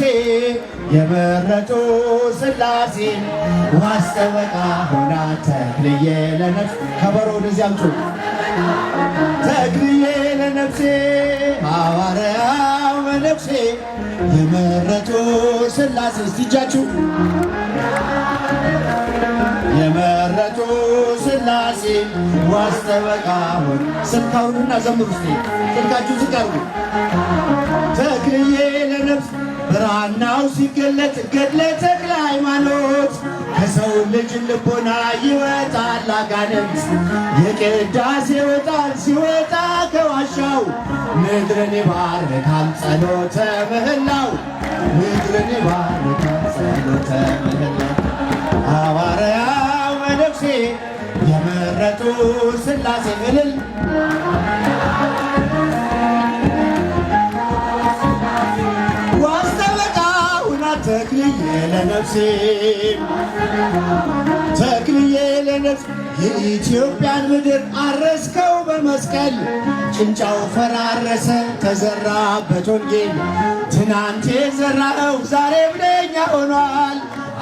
ነፍሴ የመረጡ ስላሴ ማስጠበቃ ሆና ተክልዬ ለነፍሴ ከበሮ ወደዚህ አምጡ። ተክልዬ ለነፍሴ ሐዋርያው መነፍሴ የመረጡ ሥላሴ እጃችሁ የመረጡ ሥላሴ ዋስተበቃ ሆን ስልካውንና ዘምሩ ስ ስልካችሁ ዝቀርቡ ተክልዬ ብራናው ሲገለጥ ገድለ ተክለ ሃይማኖት ከሰው ልጅ ልቦና ይወጣል አጋንንት የቅዳሴ ወጣል ሲወጣ ከዋሻው ምድርን ይባርካል ጸሎተ ምህላው ምድርን ይባርካል ጸሎተ ምህላው ሐዋርያው መነኩሴ የመረጡ ሥላሴ እልል ተክልዬ ለነፍሴ ተክልዬ ለነፍሴ የኢትዮጵያን ምድር አረስከው በመስቀል ጭንጫው ፈራረሰ ተዘራበት ወንጌል ትናንቴ ዘራኸው ዛሬ ብለኛ ሆኗል።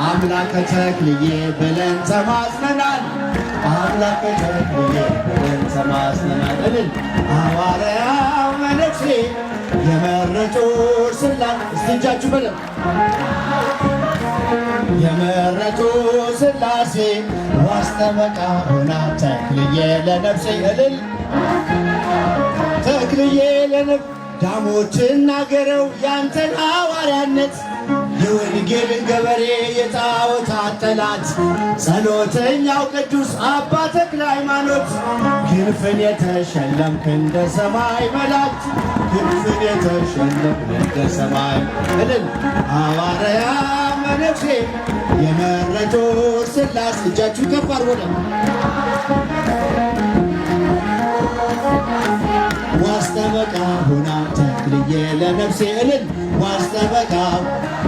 አምላከ ተክልዬ ብለን ተማጽነናል። አምላከ ተክልዬ ብለን ተማጽነናል። እልል ሐዋርያው መነኩሴ የመረጡት እጃችሁ በደንብ የመረጡ ሥላሴ ዋስጠበቃ ሆና ተክልዬ ለነፍሴ እልል ተክልዬ ለነፍ ዳሞችን ናገረው ያንተን ሐዋርያነት የወንጌል ገበሬ የጣዖታት ጠላት ጸሎተኛው ቅዱስ አባ ተክለ ሃይማኖት ክንፍን የተሸለምክ እንደ ሰማይ መላእክት ክንፍን የተሸለምክ እንደ ሰማይ እልል ሐዋርያ መነኩሴ የመረጡ ስላሴ እጃችሁ ከፍ አድርጎ ዋስጠበቃ ሁና ትክልዬ ለነፍሴ እልል ዋስጠበቃ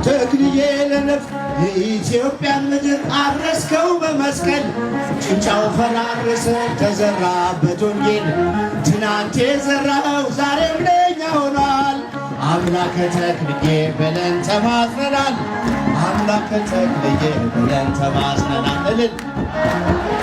ትክልዬ ለነፍ የኢትዮጵያን ምድር አረስከው በመስቀል ጭንጫው ፈራረሰ ተዘራበት ወንጌል ትናንቴ ዘራኸው ዛሬም ለኛ ሆኗል። አምላከ ተክልዬ በለን ተማጽነናል። አምላከ ተክልዬ በለን ተማጽነናል እልል